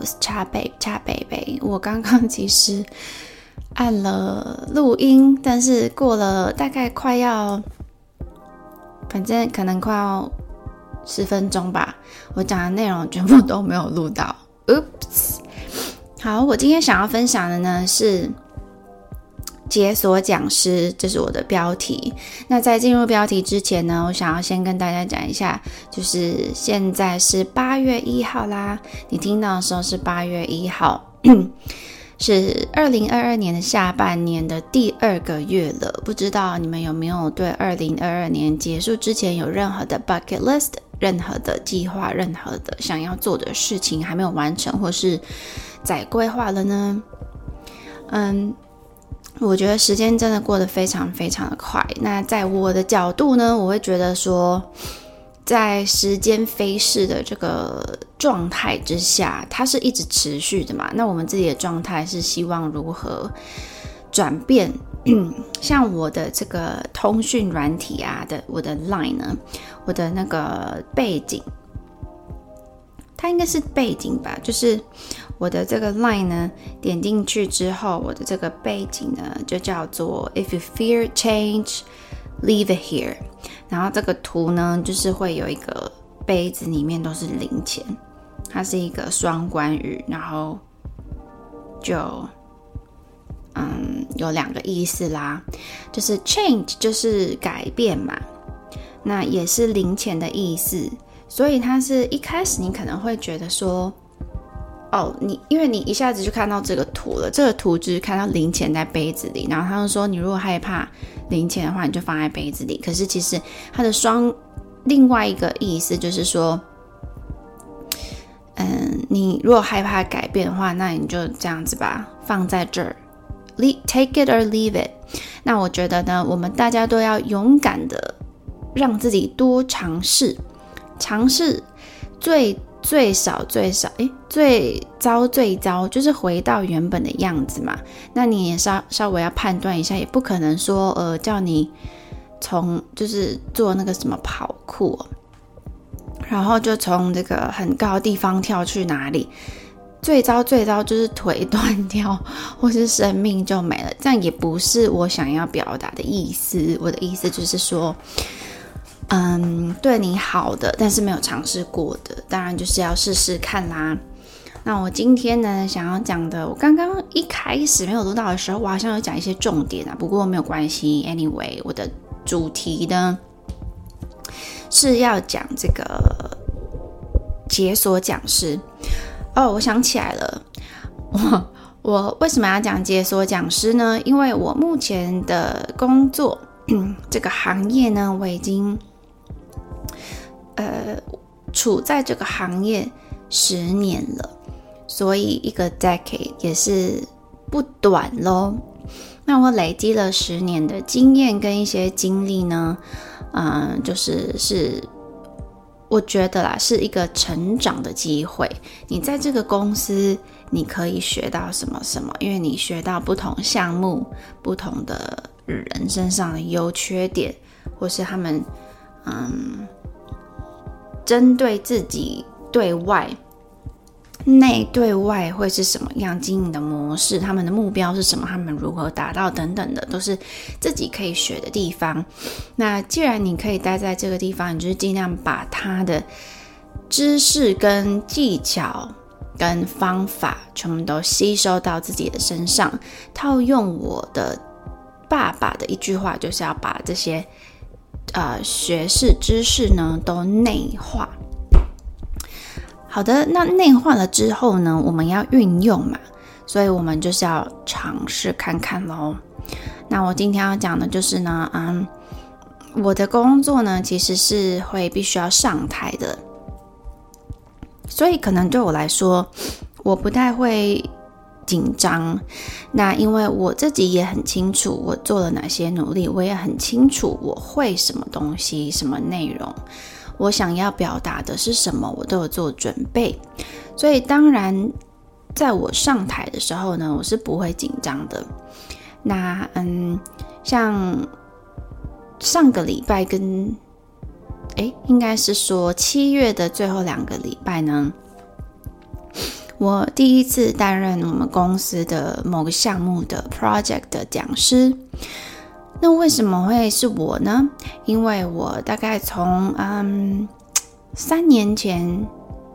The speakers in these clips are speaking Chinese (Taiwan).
我是恰貝恰貝貝，我剛剛其實按了錄音，但是過了大概快要，反正可能快要十分鐘吧，我講的內容全部都沒有錄到。Oops，好，我今天想要分享的呢是，解鎖講師，這是我的標題。那在進入標題之前呢，我想要先跟大家講一下，就是現在是八月一號啦。你聽到的時候是八月一號，是二零二二年的下半年的第二個月了。不知道你們有沒有對二零二二年結束之前有任何的 bucket list，任何的計劃，任何的想要做的事情還沒有完成，或是在規劃了呢？嗯。我覺得時間真的過得非常非常的快。那在我的角度呢，我會覺得說，在時間飛逝的這個狀態之下，它是一直持續的嘛。那我們自己的狀態是希望如何轉變？ 像我的這個通訊軟體啊的，我的 Line 呢，我的那個背景，它應該是背景吧，就是。我的這個 line 呢，點進去之後，我的這個背景呢，就叫做 "If you fear change, leave it here"。然後這個圖呢，就是會有一個杯子裡面都是零錢，它是一個雙關語，然後就嗯有兩個意思啦，就是 change 就是改變嘛，那也是零錢的意思，所以它是一開始你可能會覺得說。哦，你因為你一下子就看到這個圖了，這個圖只是看到零錢在杯子裡，然後他就說你如果害怕零錢的話，你就放在杯子裡。可是其實他的雙另外一個意思就是說，嗯，你如果害怕改變的話，那你就這樣子吧，放在這兒，take it or leave it。那我覺得呢，我們大家都要勇敢的讓自己多嘗試，嘗試最。最少最少，哎，最糟最糟，就是回到原本的樣子嘛。那你也稍稍微要判斷一下，也不可能說，呃，叫你從就是做那個什麼跑酷，然後就從這個很高地方跳去哪裡？最糟最糟就是腿斷掉，或是生命就沒了。這樣也不是我想要表達的意思。我的意思就是說。嗯，對你好的，但是沒有嘗試過的，當然就是要試試看啦。那我今天呢，想要講的，我剛剛一開始沒有錄到的時候，我好像有講一些重點啊。不過沒有關係，anyway，我的主題呢是要講這個解鎖講師。哦，我想起來了，我我為什麼要講解鎖講師呢？因為我目前的工作，嗯，這個行業呢，我已經。呃，處在這個行業十年了，所以一個 decade 也是不短咯。那我累積了十年的經驗跟一些經歷呢，嗯，就是是，我覺得啦，是一個成長的機會。你在這個公司，你可以學到什麼什麼，因為你學到不同項目、不同的人身上的優缺點，或是他們，嗯。針對自己對外、內對外會是什麼樣經營的模式？他們的目標是什麼？他們如何達到等等的，都是自己可以學的地方。那既然你可以待在這個地方，你就是盡量把他的知識、跟技巧、跟方法，全部都吸收到自己的身上。套用我的爸爸的一句話，就是要把這些。呃，學識知識呢都內化。好的，那內化了之後呢，我們要運用嘛，所以我們就是要嘗試看看嘍。那我今天要講的就是呢，嗯，我的工作呢其實是會必須要上台的，所以可能對我來說，我不太會。緊張，那因為我自己也很清楚我做了哪些努力，我也很清楚我會什麼東西、什麼內容，我想要表達的是什麼，我都有做準備。所以當然，在我上台的時候呢，我是不會緊張的。那嗯，像上個禮拜跟哎、欸，應該是說七月的最後兩個禮拜呢。我第一次擔任我們公司的某個項目的 project 的講師，那為什麼會是我呢？因為我大概從嗯三年前、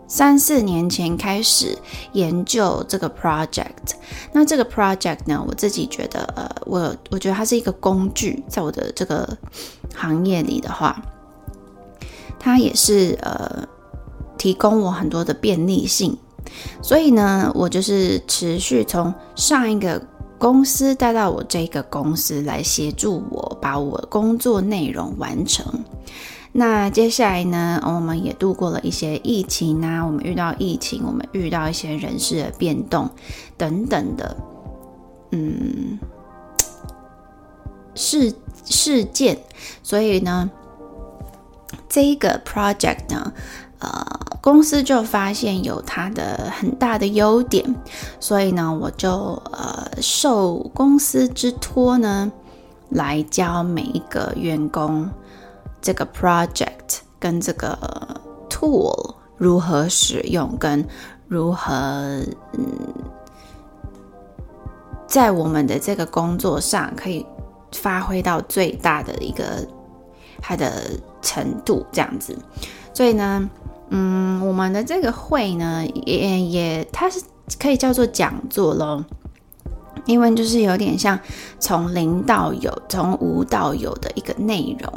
三四年前開始研究這個 project。那這個 project 呢，我自己覺得，呃，我我覺得它是一個工具，在我的這個行業裡的話，它也是呃提供我很多的便利性。所以呢，我就是持續從上一個公司帶到我這個公司來協助我把我工作內容完成。那接下來呢，我們也度過了一些疫情啊，我們遇到疫情，我們遇到一些人事的變動等等的，嗯，事事件。所以呢，這個 project 呢。呃，公司就發現有它的很大的優點，所以呢，我就呃受公司之托呢，來教每一個員工這個 project 跟這個 tool 如何使用，跟如何嗯，在我們的這個工作上可以發揮到最大的一個它的程度，這樣子，所以呢。嗯，我們的這個會呢，也也它是可以叫做講座咯，因為就是有點像從零到有，從無到有的一個內容。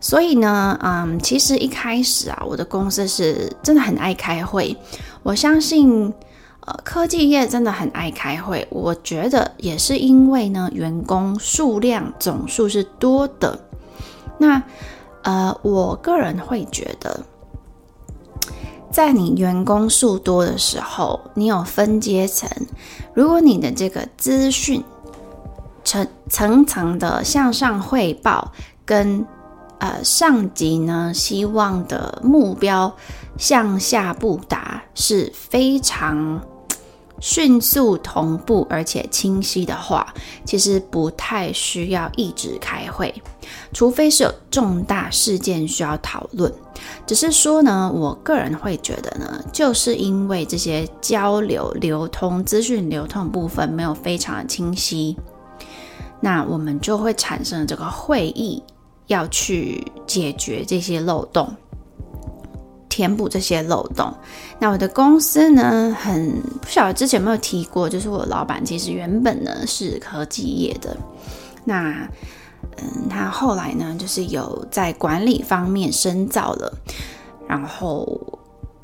所以呢，嗯，其實一開始啊，我的公司是真的很愛開會。我相信，呃，科技業真的很愛開會。我覺得也是因為呢，員工數量總數是多的。那呃，我個人會覺得。在你員工數多的時候，你有分階層。如果你的這個資訊層層層的向上匯報，跟呃上級呢希望的目標向下不達，是非常。迅速同步而且清晰的話，其實不太需要一直開會，除非是有重大事件需要討論。只是說呢，我個人會覺得呢，就是因為這些交流流通、資訊流通部分沒有非常的清晰，那我們就會產生這個會議要去解決這些漏洞。填補這些漏洞。那我的公司呢，很不曉得之前有沒有提過，就是我的老板其實原本呢是科技業的。那嗯，他後來呢就是有在管理方面深造了，然後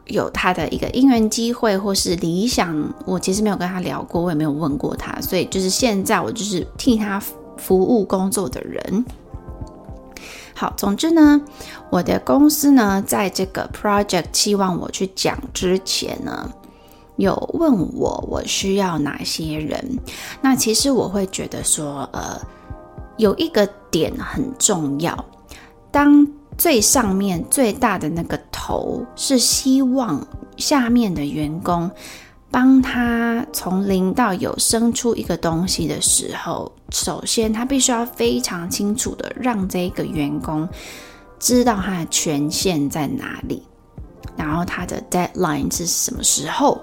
有他的一個因緣機會或是理想。我其實沒有跟他聊過，我也沒有問過他，所以就是現在我就是替他服務工作的人。好，總之呢，我的公司呢，在這個 project 期望我去講之前呢，有問我我需要哪些人。那其實我會覺得說，呃，有一個點很重要，當最上面最大的那個頭是希望下面的員工。幫他從零到有生出一個東西的時候，首先他必須要非常清楚的讓這個員工知道他的權限在哪裡，然後他的 deadline 是什麼時候，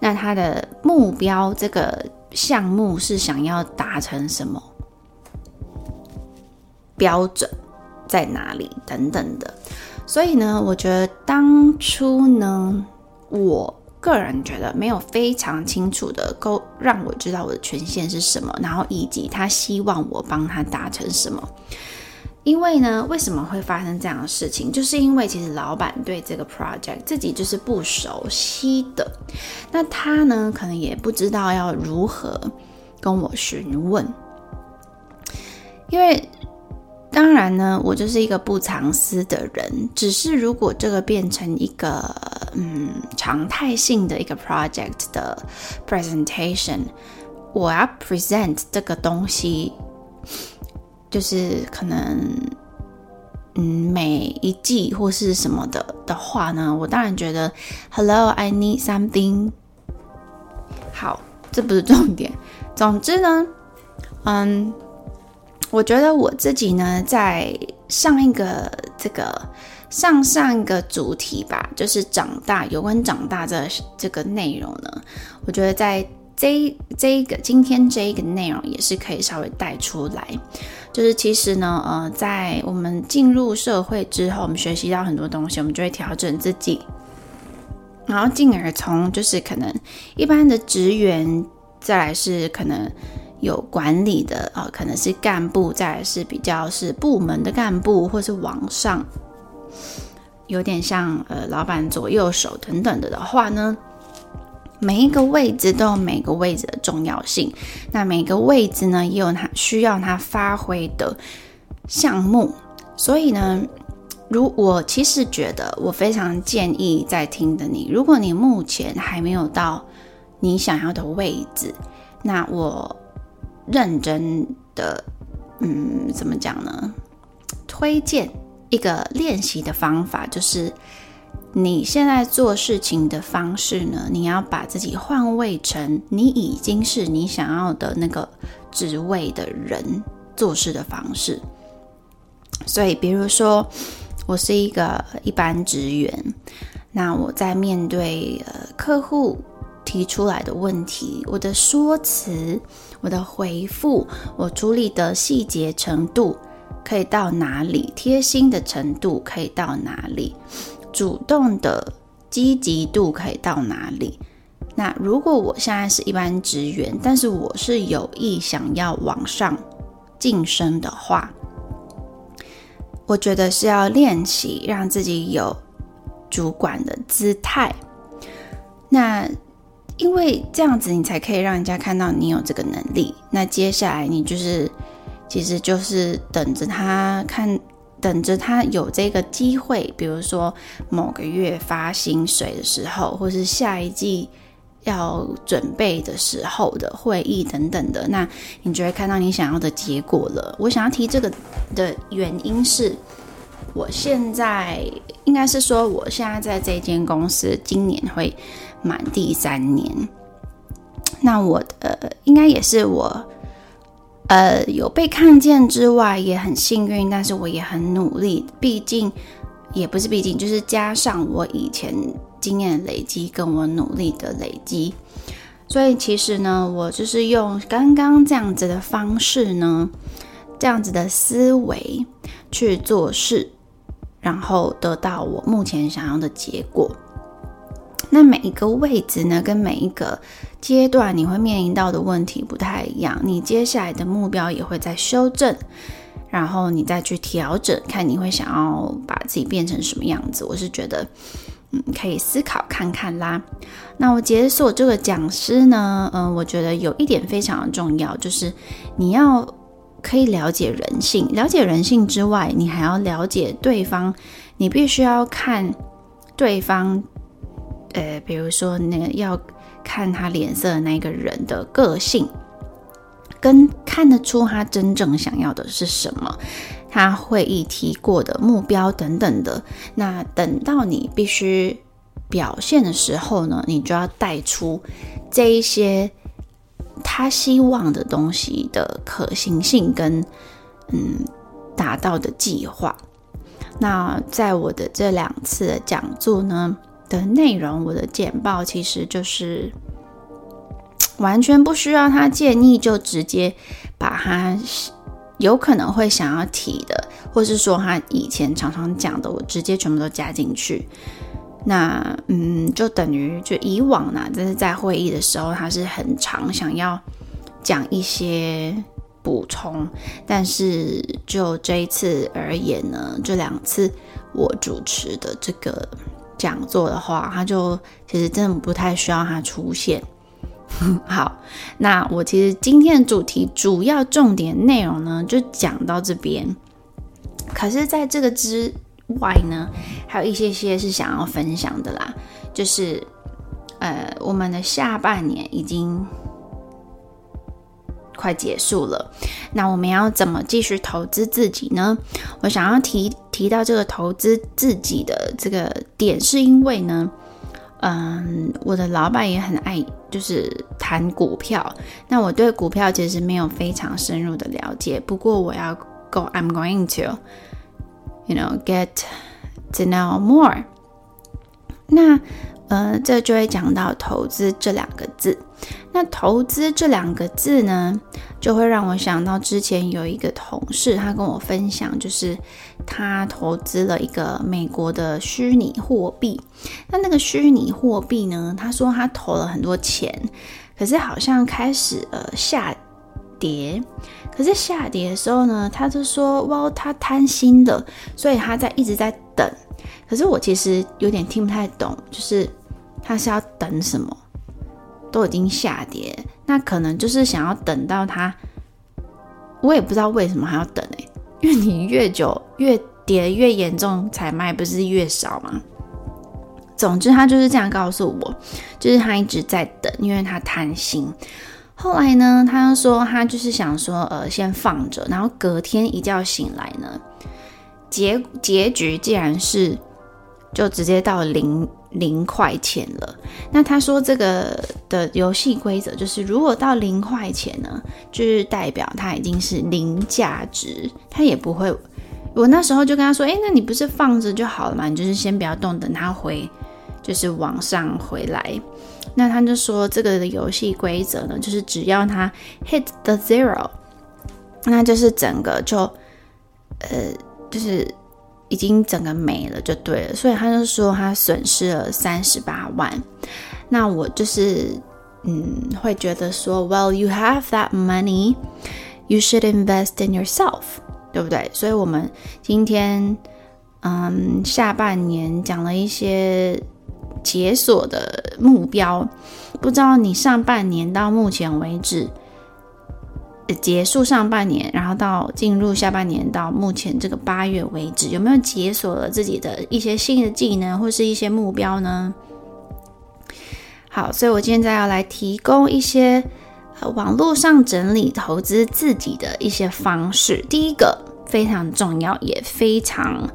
那他的目標這個項目是想要達成什麼，標準在哪裡等等的。所以呢，我覺得當初呢，我。個人覺得沒有非常清楚的，夠讓我知道我的權限是什麼，然後以及他希望我幫他達成什麼。因為呢，為什麼會發生這樣的事情？就是因為其實老闆對這個 project 自己就是不熟悉的，那他呢，可能也不知道要如何跟我詢問，因為。當然呢，我就是一個不藏私的人，只是如果這個變成一個嗯常態性的一個 project 的 presentation，我要 present 這個東西，就是可能嗯每一季或是什麼的的話呢，我當然覺得 Hello，I need something。好，這不是重點。總之呢，嗯。我覺得我自己呢，在上一個這個上上一個主題吧，就是長大有關長大這這個內容呢，我覺得在這一這一個今天這一個內容也是可以稍微帶出來，就是其實呢，呃，在我們進入社會之後，我們學習到很多東西，我們就會調整自己，然後進而從就是可能一般的職員，再來是可能。有管理的啊、呃，可能是幹部，再來是比較是部門的幹部，或是往上，有點像呃，老闆左右手等等的的話呢，每一個位置都有每個位置的重要性，那每個位置呢也有它需要它發揮的項目，所以呢，如我其實覺得我非常建議在聽的你，如果你目前還沒有到你想要的位置，那我。認真的，嗯，怎麼講呢？推薦一個練習的方法，就是你現在做事情的方式呢，你要把自己換位成你已經是你想要的那個職位的人做事的方式。所以，比如說，我是一個一般職員，那我在面對，呃，客戶提出來的問題，我的說辭。我的回復，我處理的細節程度可以到哪裡？貼心的程度可以到哪裡？主動的積極度可以到哪裡？那如果我現在是一般職員，但是我是有意想要往上晉升的話，我覺得是要練習讓自己有主管的姿態。那。因為這樣子，你才可以讓人家看到你有這個能力。那接下來，你就是，其實就是等着他看，等着他有這個機會，比如說某個月發薪水的時候，或是下一季要準備的時候的會議等等的，那你就會看到你想要的結果了。我想要提這個的原因是，我現在應該是說，我現在在這間公司，今年會。滿第三年，那我的，呃，應該也是我，呃，有被看見之外，也很幸運，但是我也很努力。畢竟，也不是畢竟，就是加上我以前經驗累積，跟我努力的累積。所以其實呢，我就是用剛剛這樣子的方式呢，這樣子的思維去做事，然後得到我目前想要的結果。那每一個位置呢，跟每一個階段，你會面臨到的問題不太一樣，你接下來的目標也會在修正，然後你再去調整，看你會想要把自己變成什麼樣子。我是覺得，嗯，可以思考看看啦。那我解鎖這個講師呢，嗯、呃，我覺得有一點非常的重要，就是你要可以了解人性，了解人性之外，你還要了解對方，你必須要看對方，呃，比如說，那要看他臉色的那個人的個性，跟看得出他真正想要的是什麼，他會議提過的目標等等的。那等到你必須表現的時候呢，你就要帶出這一些他希望的東西的可行性跟嗯達到的計劃。那在我的這兩次的講座呢，的內容，我的簡報其實就是完全不需要他建議，就直接把他有可能會想要提的，或是說他以前常常講的，我直接全部都加進去。那嗯，就等於就以往呢，就是在會議的時候，他是很常想要講一些補充，但是就這一次而言呢，這兩次我主持的這個。講座的話，他就其實真的不太需要他出現。 好，那我其實今天的主題主要重點內容呢，就講到這邊。可是，在這個之外呢，還有一些些是想要分享的啦，就是呃，我們的下半年已經。快結束了，那我們要怎麼繼續投資自己呢？我想要提提到這個投資自己的這個點，是因為呢，嗯，我的老闆也很愛就是談股票，那我對股票其實沒有非常深入的了解，不過我要 go, I'm going to, you know, get to know more。那，呃，嗯，這就會講到投資這兩個字。那投資這兩個字呢，就會讓我想到之前有一個同事，他跟我分享，就是他投資了一個美國的虛擬貨幣。那那個虛擬貨幣呢，他說他投了很多錢，可是好像開始呃下跌。可是下跌的時候呢，他就說哇哦，他貪心的，所以他在一直在等。可是我其實有點聽不太懂，就是他是要等什麼？都已經下跌，那可能就是想要等到他。我也不知道為什麼還要等呢、欸？因為你越久越跌越嚴重，才賣不是越少嗎？總之他就是這樣告訴我，就是他一直在等，因為他貪心。後來呢，他又說他就是想說，呃，先放着，然後隔天一覺醒來呢，結結局竟然是就直接到零。零塊錢了，那他說這個的遊戲規則就是，如果到零塊錢呢，就是代表它已經是零價值，它也不會。我那時候就跟他說，哎，那你不是放着就好了嘛？你就是先不要動，等它回，就是往上回來。那他就說這個的遊戲規則呢，就是只要它 hit the zero，那就是整個就，呃，就是。已經整個沒了就對了，所以他就說他損失了三十八萬。那我就是嗯，會覺得說，Well, you have that money, you should invest in yourself，對不對？所以我們今天嗯，下半年講了一些解鎖的目標，不知道你上半年到目前為止，結束上半年，然後到進入下半年，到目前這個八月為止，有沒有解鎖了自己的一些新的技能或是一些目標呢？好，所以我現在要來提供一些網絡上整理投資自己的一些方式。第一個非常重要也非常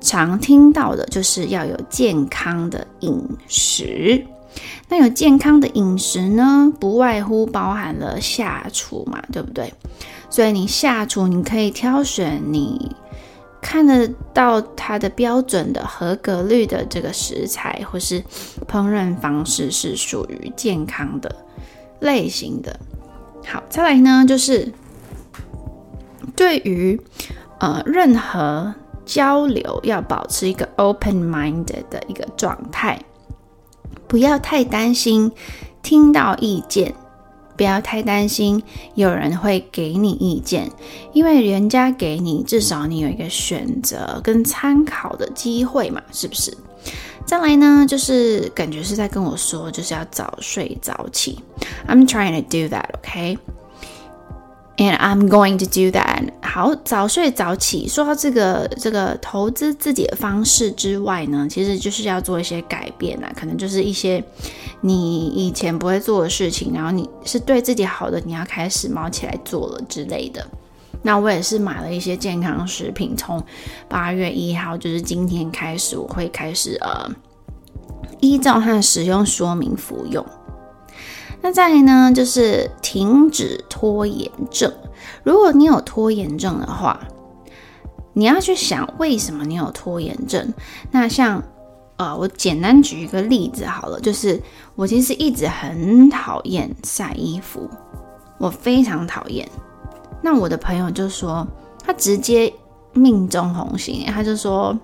常聽到的，就是要有健康的飲食。那有健康的飲食呢，不外乎包含了下廚嘛，對不對？所以你下廚，你可以挑選你看得到它的標準的合格率的這個食材，或是烹飪方式是屬於健康的類型的。好，再來呢，就是對於呃任何交流，要保持一個 open minded 的一個狀態。不要太擔心聽到意見，不要太擔心有人會給你意見，因為人家給你至少你有一個選擇跟參考的機會嘛，是不是？再來呢，就是感覺是在跟我說，就是要早睡早起，I'm trying to do that，OK, okay? And I'm going to do that。好，早睡早起。說到這個這個投資自己的方式之外呢，其實就是要做一些改變啦，可能就是一些你以前不會做的事情，然後你是對自己好的，你要開始忙起來做了之類的。那我也是買了一些健康食品，從八月一號，就是今天開始，我會開始呃，依照它的使用說明服用。那再來呢，就是停止拖延症。如果你有拖延症的話，你要去想為什麼你有拖延症。那像，呃、哦，我簡單舉一個例子好了，就是我其實一直很討厭曬衣服，我非常討厭。那我的朋友就說，他直接命中紅心，他就說，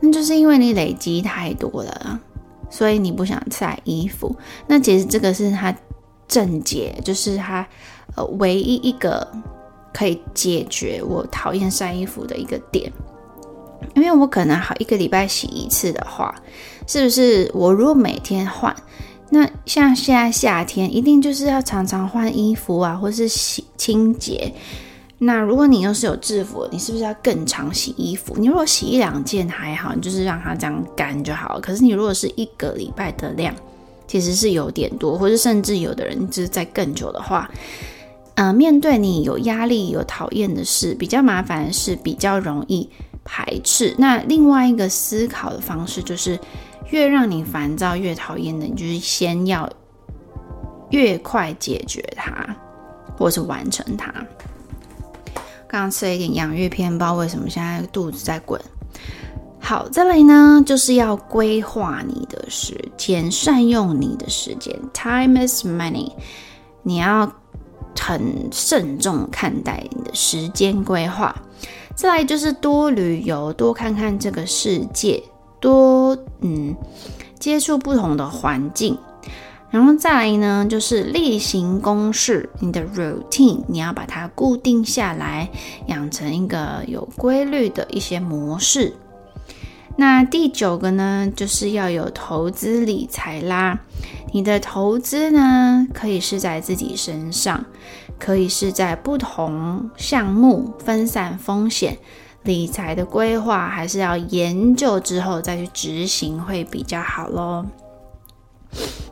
那就是因為你累積太多了。所以你不想曬衣服，那其實這個是它症結，就是它、呃、唯一一個可以解決我討厭曬衣服的一個點。因為我可能好一個禮拜洗一次的話，是不是？我如果每天換，那像現在夏天，一定就是要常常換衣服啊，或是洗清潔。那如果你又是有制服，你是不是要更常洗衣服？你如果洗一兩件還好，你就是讓它這樣乾就好了。可是你如果是一個禮拜的量，其實是有點多，或者甚至有的人就是再更久的話，呃，面對你有壓力、有討厭的事，比較麻煩的事，比較容易排斥。那另外一個思考的方式就是，越讓你煩躁、越討厭的，你就是先要越快解決它，或是完成它。剛剛吃了一點洋芋片，不知道為什麼現在肚子在滾。好，再來呢，就是要規劃你的時間，善用你的時間，Time is money，你要很慎重看待你的時間規劃。再來就是多旅遊，多看看這個世界，多嗯接觸不同的環境。然後再來呢，就是例行公事，你的 routine，你要把它固定下來，養成一個有規律的一些模式。那第九個呢，就是要有投資理財啦。你的投資呢，可以是在自己身上，可以是在不同項目分散風險。理財的規劃還是要研究之後再去執行會比較好咯。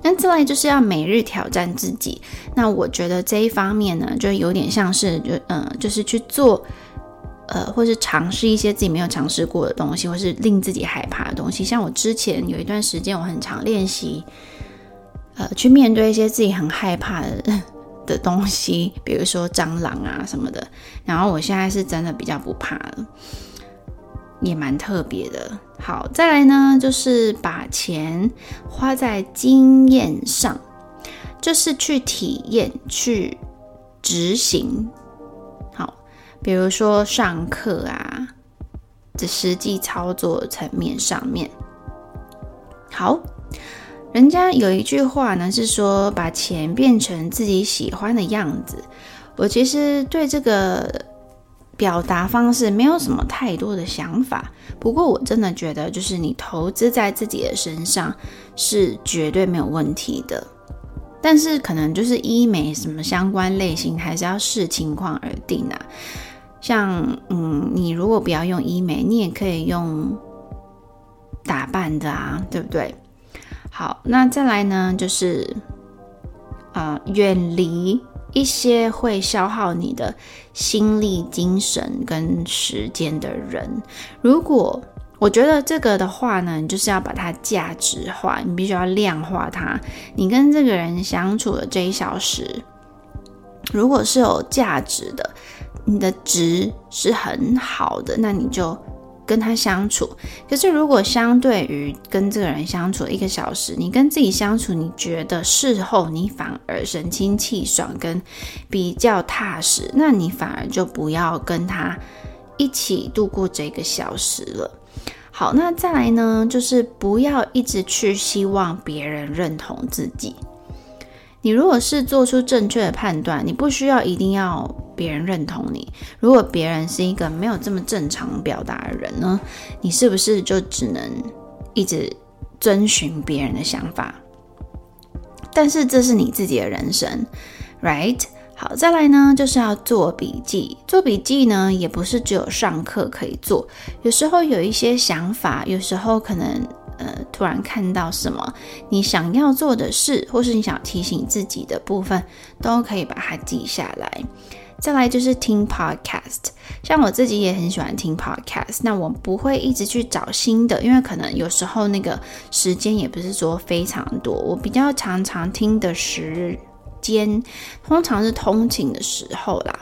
那再來就是要每日挑戰自己。那我覺得這一方面呢，就有點像是就嗯、呃，就是去做呃，或是嘗試一些自己沒有嘗試過的東西，或是令自己害怕的東西。像我之前有一段時間，我很常練習呃，去面對一些自己很害怕的的東西，比如說蟑螂啊什麼的。然後我現在是真的比較不怕了。也蠻特別的。好，再來呢，就是把錢花在經驗上，就是去體驗、去執行。好，比如說上課啊，在實際操作層面上面。好，人家有一句話呢，是說把錢變成自己喜歡的樣子。我其實對這個。表達方式沒有什麼太多的想法，不過我真的覺得，就是你投資在自己的身上是絕對沒有問題的。但是可能就是醫美什麼相關類型，還是要視情況而定啊。像嗯，你如果不要用醫美，你也可以用打扮的啊，對不對？好，那再來呢，就是啊，呃，遠離。一些會消耗你的心力、精神跟時間的人，如果我覺得這個的話呢，你就是要把它價值化，你必須要量化它。你跟這個人相處的這一小時，如果是有價值的，你的值是很好的，那你就。跟他相處，可是如果相對於跟這個人相處一個小時，你跟自己相處，你覺得事後你反而神清氣爽，跟比較踏實，那你反而就不要跟他一起度過這個小時了。好，那再來呢，就是不要一直去希望別人認同自己。你如果是做出正確的判斷，你不需要一定要別人認同你。如果別人是一個沒有這麼正常表達的人呢，你是不是就只能一直遵循別人的想法？但是這是你自己的人生，right？好，再來呢，就是要做筆記。做筆記呢，也不是只有上課可以做，有時候有一些想法，有時候可能。呃，突然看到什麼你想要做的事，或是你想提醒自己的部分，都可以把它記下來。再來就是聽 podcast，像我自己也很喜歡聽 podcast。那我不會一直去找新的，因為可能有時候那個時間也不是說非常多。我比較常常聽的時間，通常是通勤的時候啦，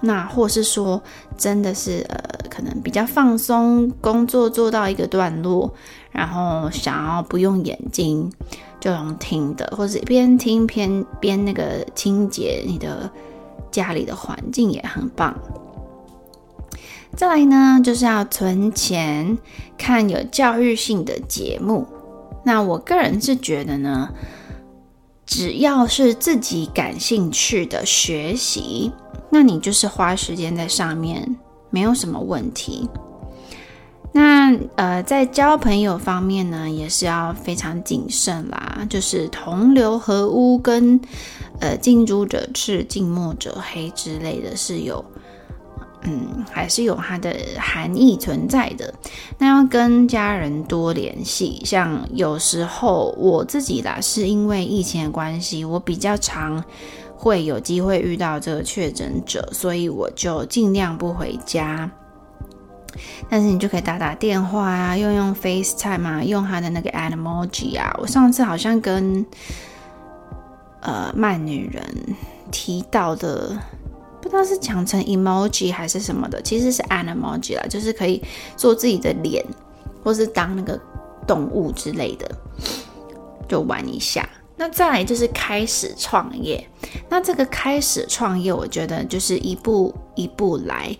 那或是說真的是呃，可能比較放鬆，工作做到一個段落。然後想要不用眼睛就能聽的，或者是邊聽邊邊那個清潔你的家裡的環境也很棒。再來呢，就是要存錢，看有教育性的節目。那我個人是覺得呢，只要是自己感興趣的學習，那你就是花時間在上面，沒有什麼問題。那呃，在交朋友方面呢，也是要非常謹慎啦，就是同流合污，跟呃近朱者赤，近墨者黑之類的，是有，嗯，還是有它的含義存在的。那要跟家人多聯繫，像有時候我自己啦，是因為疫情的關係，我比較常會有機會遇到這個確診者，所以我就盡量不回家。但是你就可以打打電話啊，用用 FaceTime 啊，用他的那個 Animoji 啊。我上次好像跟呃慢女人提到的，不知道是講成 emoji 還是什麼的，其實是 Animoji 啦,就是可以做自己的臉，或是當那個動物之類的，就玩一下。那再來就是開始創業，那這個開始創業，我覺得就是一步一步來。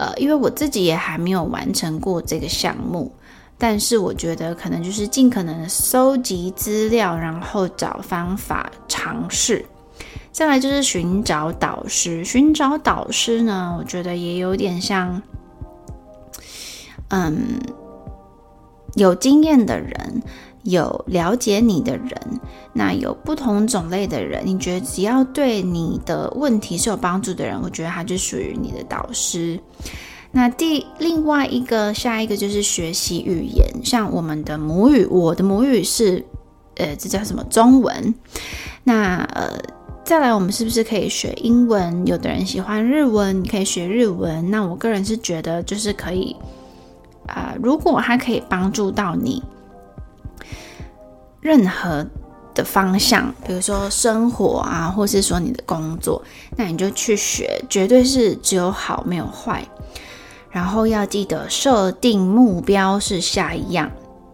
呃，因為我自己也還沒有完成過這個項目，但是我覺得可能就是盡可能收集資料，然後找方法嘗試。再來就是尋找導師，尋找導師呢，我覺得也有點像，嗯，有經驗的人。有了解你的人，那有不同種類的人，你覺得只要對你的問題是有幫助的人，我覺得他就屬於你的導師。那第，另外一個，下一個就是學習語言，像我們的母語，我的母語是呃，這叫什麼中文？那呃，再來我們是不是可以學英文？有的人喜歡日文，你可以學日文。那我個人是覺得就是可以，啊，呃，如果他可以幫助到你。任何的方向，比如說生活啊，或是說你的工作，那你就去學，絕對是只有好沒有壞。然後要記得設定目標是下一樣，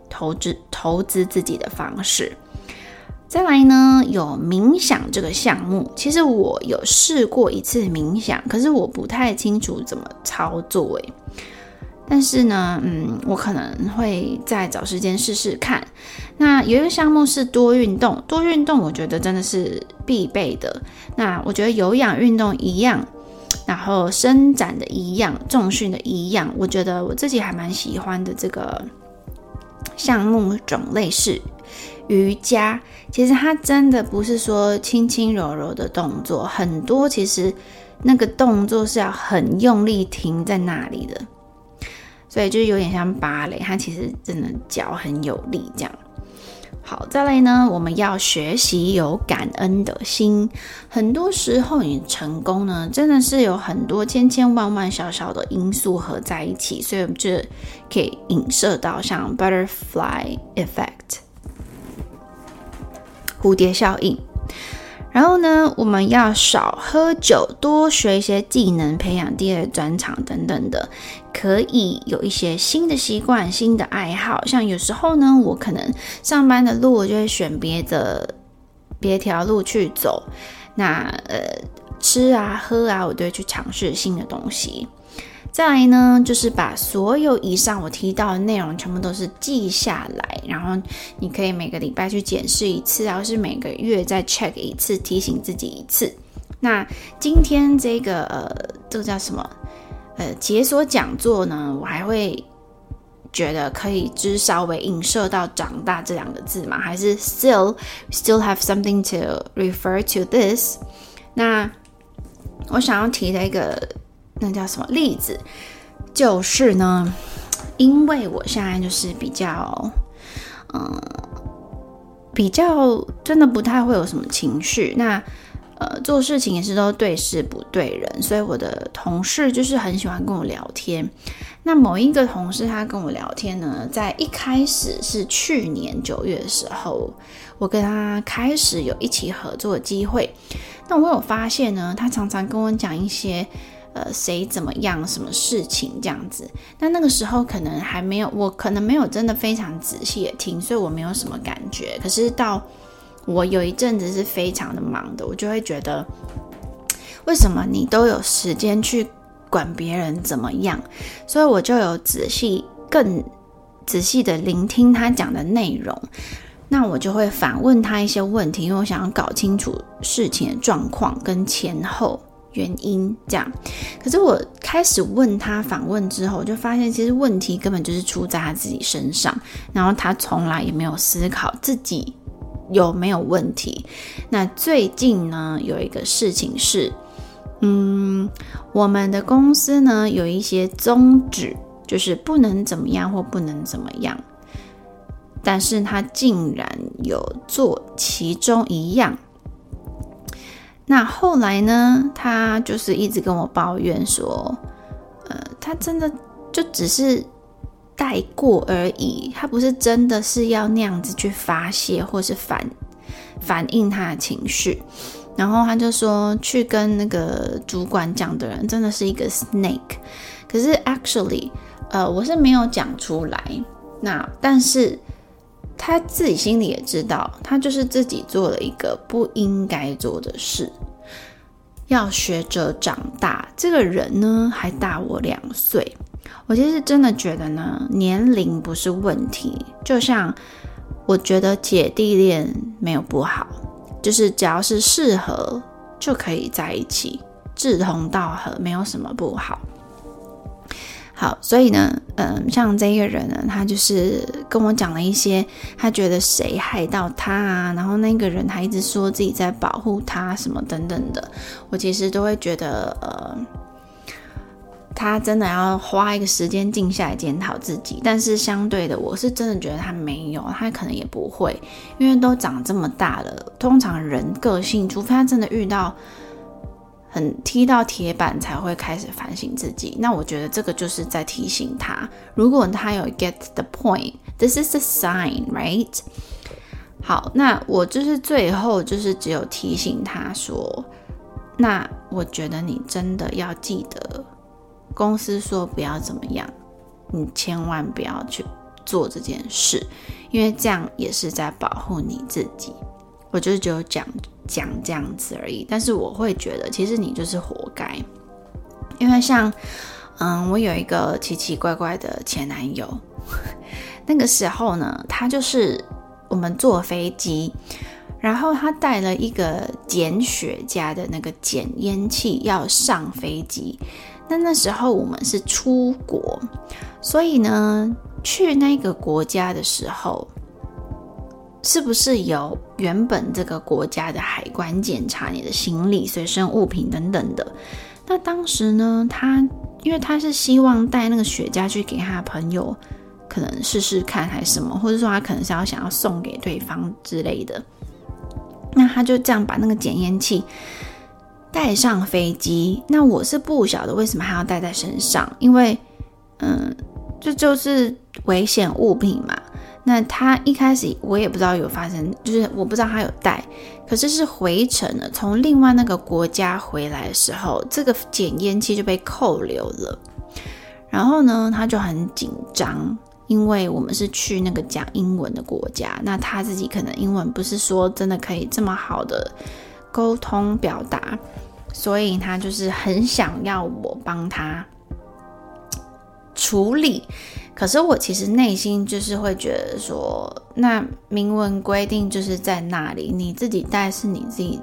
投資，投資自己的方式。再來呢，有冥想這個項目，其實我有試過一次冥想，可是我不太清楚怎麼操作誒。但是呢，嗯，我可能會再找時間試試看。那有一個項目是多運動，多運動，我覺得真的是必備的。那我覺得有氧運動一樣，然後伸展的一樣，重訓的一樣，我覺得我自己還蠻喜歡的這個項目種類是瑜伽。其實它真的不是說輕輕柔柔的動作，很多其實那個動作是要很用力停在那裡的。對，就是有點像芭蕾，它其實真的腳很有力。這樣，好，再來呢，我們要學習有感恩的心。很多時候，你成功呢，真的是有很多千千萬萬小小的因素合在一起，所以我們就可以影射到像 butterfly effect 蝴蝶效應。然後呢，我們要少喝酒，多學一些技能，培養第二專長等等的，可以有一些新的習慣、新的愛好。像有時候呢，我可能上班的路，我就會選別的別條路去走。那呃，吃啊喝啊，我都會去嘗試新的東西。再來呢，就是把所有以上我提到的內容全部都是記下來，然後你可以每個禮拜去檢視一次，然後是每個月再 check 一次，提醒自己一次。那今天這個呃，這個叫什麼？呃，解鎖講座呢，我還會覺得可以只稍微影射到“長大”這兩個字嗎？還是 still still have something to refer to this？那我想要提的一個。那叫什麼例子？就是呢，因為我現在就是比較，嗯、呃，比較真的不太會有什麼情緒。那呃，做事情也是都對事不對人，所以我的同事就是很喜歡跟我聊天。那某一個同事他跟我聊天呢，在一開始是去年九月的時候，我跟他開始有一起合作的機會。那我有發現呢，他常常跟我講一些。呃，誰怎麼樣，什麼事情這樣子？那那個時候可能還沒有，我可能沒有真的非常仔細的聽，所以我沒有什麼感覺。可是到我有一陣子是非常的忙的，我就會覺得為什麼你都有時間去管別人怎麼樣？所以我就有仔細、更仔細的聆聽他講的內容，那我就會反問他一些問題，因為我想要搞清楚事情的狀況跟前後。原因這樣，可是我開始問他訪問之後，我就發現其實問題根本就是出在他自己身上。然後他從來也沒有思考自己有沒有問題。那最近呢，有一個事情是，嗯，我們的公司呢有一些宗旨，就是不能怎麼樣或不能怎麼樣，但是他竟然有做其中一樣。那後來呢，他就是一直跟我抱怨說，呃，他真的就只是帶過而已，他不是真的是要那樣子去發洩或是反反映他的情緒。然後他就說，去跟那個主管講的人真的是一個 snake。可是 actually，呃，我是沒有講出來。那但是。他自己心裡也知道，他就是自己做了一個不應該做的事，要學着長大。這個人呢，還大我兩歲，我其實真的覺得呢，年齡不是問題。就像我覺得姐弟戀沒有不好，就是只要是適合就可以在一起，志同道合，沒有什麼不好。好，所以呢，嗯、呃，像這個人呢，他就是跟我講了一些，他覺得誰害到他啊，然後那個人還一直說自己在保護他什麼等等的，我其實都會覺得，呃，他真的要花一個時間靜下來檢討自己。但是相對的，我是真的覺得他沒有，他可能也不會，因為都長這麼大了，通常人個性，除非他真的遇到。踢到鐵板才會開始反省自己，那我覺得這個就是在提醒他。如果他有 get the point，this is a sign，right？好，那我就是最後就是只有提醒他說，那我覺得你真的要記得，公司說不要怎麼樣，你千萬不要去做這件事，因為這樣也是在保護你自己。我就是只有講。講這樣子而已，但是我會覺得其實你就是活該，因為像嗯，我有一個奇奇怪怪的前男友。那個時候呢，他就是我們坐飛機，然後他帶了一個剪雪茄的那個剪菸器，要上飛機。那那時候我們是出國，所以呢，去那個國家的時候，是不是有？原本這個國家的海關檢查你的行李、隨身物品等等的。那當時呢，他因為他是希望帶那個雪茄去給他的朋友，可能試試看還是什麼，或者說他可能是要想要送給對方之類的。那他就這樣把那個檢驗器帶上飛機。那我是不曉得為什麼還要帶在身上，因為嗯，這就是危險物品嘛。那他一開始我也不知道有發生，就是我不知道他有帶，可是是回程了，從另外那個國家回來的時候，這個檢驗器就被扣留了。然後呢，他就很緊張，因為我們是去那個講英文的國家，那他自己可能英文不是說真的可以這麼好的溝通表達，所以他就是很想要我幫他處理。可是我其實內心就是會覺得說，那明文規定就是在那裡，你自己帶是你自己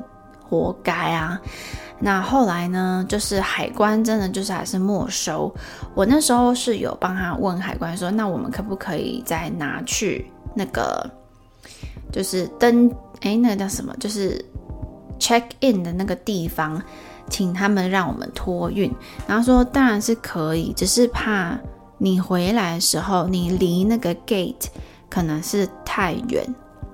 活該啊。那後來呢，就是海關真的就是還是沒收。我那時候是有幫他問海關說，那我們可不可以再拿去那個，就是登誒，那個叫什麼，就是 check in 的那個地方，請他們讓我們託運。然後說當然是可以，只是怕。你回來的時候，你離那個 gate 可能是太遠，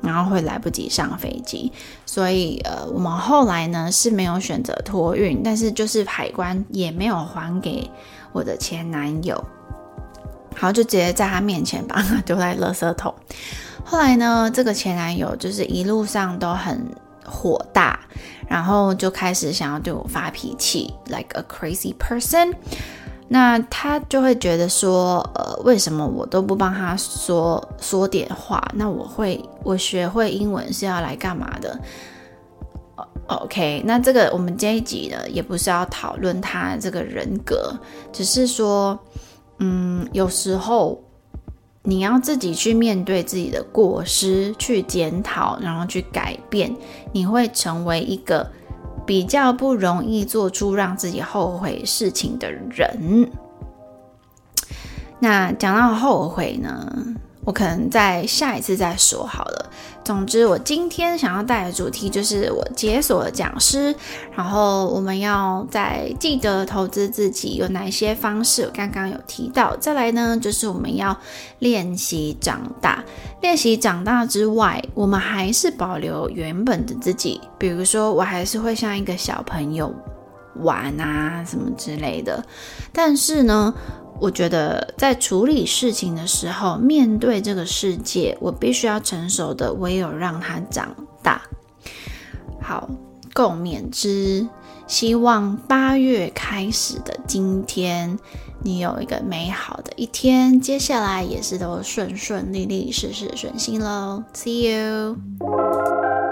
然後會來不及上飛機。所以，呃，我們後來呢是沒有選擇托運，但是就是海關也沒有還給我的前男友，然後就直接在他面前把他丟在垃圾桶。後來呢，這個前男友就是一路上都很火大，然後就開始想要對我發脾氣，like a crazy person。那他就會覺得說，呃，為什麼我都不幫他說說點話？那我會，我學會英文是要來幹嘛的？OK，那這個我們這一集的也不是要討論他這個人格，只是說，嗯，有時候你要自己去面對自己的過失，去檢討，然後去改變，你會成為一個比較不容易做出讓自己後悔事情的人。那講到後悔呢，我可能在下一次再說好了。總之，我今天想要帶的主題就是我解鎖了講師，然後我們要再記得投資自己有哪些方式，剛剛有提到。再來呢，就是我們要練習長大。練習長大之外，我們還是保留原本的自己。比如說，我還是會像一個小朋友玩啊，什麼之類的。但是呢。我覺得在處理事情的時候，面對這個世界，我必須要成熟的，唯有讓它長大。好，共勉之。希望八月開始的今天，你有一個美好的一天。接下來也是都順順利利，事事順心嘍。See you.